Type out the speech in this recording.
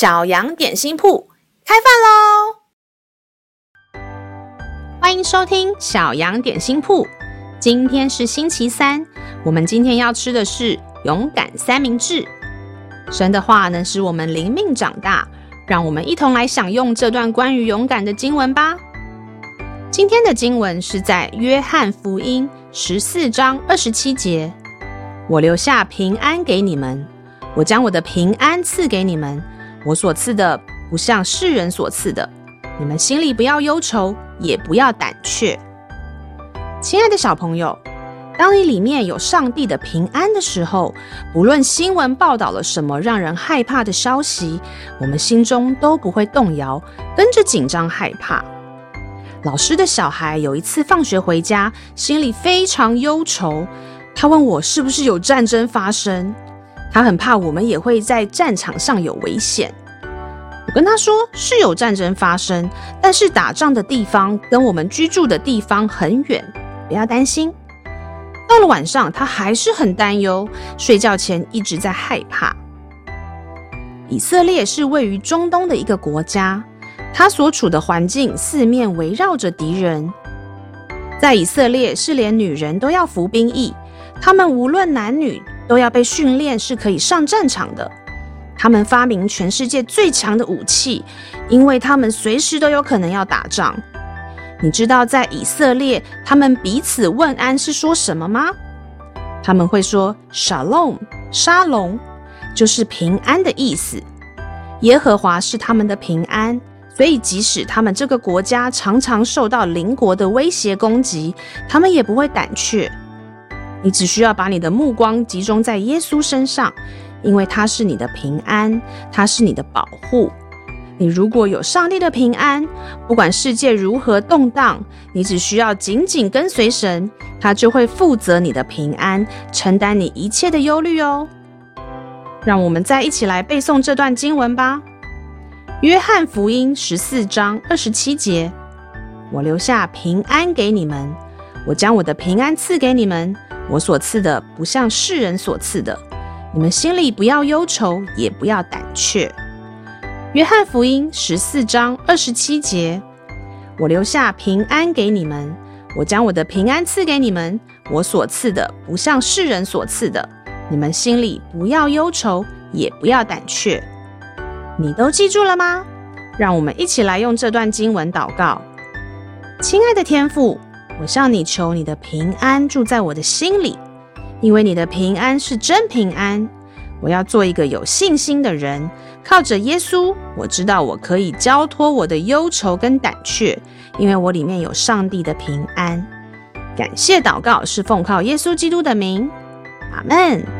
小羊點心鋪開飯嘍！歡迎收聽小羊點心鋪。今天是星期三，我們今天要吃的是勇敢三明治。神的話能使我們靈命長大，讓我們一同來享用這段關於勇敢的經文吧。今天的經文是在約翰福音十四章二十七節：“我留下平安給你們，我將我的平安賜給你們。”我所賜的，不像世人所賜的。你們心裡不要憂愁，也不要膽怯。親愛的小朋友，當你裡面有上帝的平安的時候，不論新聞報道了什麼讓人害怕的消息，我們心中都不會動搖，跟着緊張害怕。老師的小孩有一次放學回家，心裡非常憂愁，他問我是不是有戰爭發生，他很怕我們也會在戰場上有危險。我跟他說是有戰爭發生，但是打仗的地方跟我們居住的地方很遠，不要擔心。到了晚上，他還是很擔憂，睡覺前一直在害怕。以色列是位於中東的一個國家，它所處的環境四面圍繞着敵人。在以色列，是連女人都要服兵役，他們無論男女都要被訓練，是可以上戰場的。他們發明全世界最強的武器，因為他們隨時都有可能要打仗。你知道，在以色列，他們彼此問安是說什麼嗎？他們會說 “shalom”，沙龍，Shalom, Shalom, 就是平安的意思。耶和華是他們的平安，所以即使他們這個國家常常受到鄰國的威脅攻擊，他們也不會膽怯。你只需要把你的目光集中在耶穌身上。因為他是你的平安，他是你的保護。你如果有上帝的平安，不管世界如何動盪，你只需要緊緊跟隨神，他就會負責你的平安，承擔你一切的憂慮哦。讓我們再一起來背誦這段經文吧。《約翰福音》十四章二十七節：“我留下平安給你們，我將我的平安賜給你們，我所賜的不像世人所賜的。”你們心裡不要憂愁，也不要膽怯。約翰福音十四章二十七節：我留下平安給你們，我將我的平安賜給你們，我所賜的不像世人所賜的。你們心裡不要憂愁，也不要膽怯。你都記住了嗎？讓我們一起來用這段經文禱告：親愛的天父，我向你求你的平安住在我的心裡。因為你的平安是真平安，我要做一個有信心的人。靠着耶穌，我知道我可以交托我的憂愁跟膽怯，因為我裡面有上帝的平安。感謝禱告是奉靠耶穌基督的名，阿門。